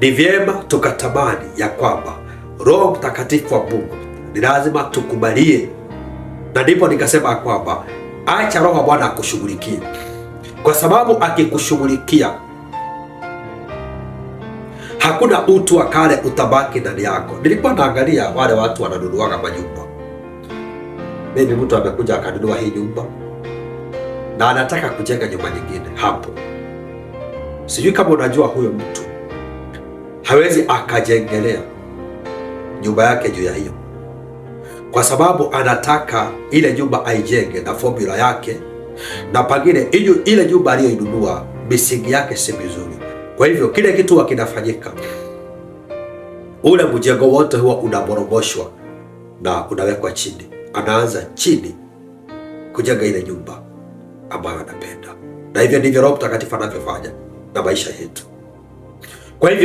Ni vyema tukatamani ya kwamba Roho Mtakatifu wa Mungu ni lazima tukubalie, na ndipo nikasema kwamba acha Roho wa Bwana akushughulikie, kwa sababu akikushughulikia hakuna utu wa kale utabaki ndani yako. Nilikuwa naangalia wale watu wananunuaga nyumba Mimi mtu amekuja akanunua hii nyumba na anataka kujenga nyumba nyingine hapo, sijui kama unajua huyo mtu hawezi akajengelea nyumba yake juu ya hiyo, kwa sababu anataka ile nyumba aijenge na fomula yake, na pengine ile nyumba aliyoinunua misingi yake si mizuri. Kwa hivyo kile kitu kinafanyika, ule mjengo wote huwa unaboromoshwa na unawekwa chini, anaanza chini kujenga ile nyumba ambayo anapenda, na hivyo ndivyo Roho Mtakatifu anavyofanya na maisha yetu. Kwa hivyo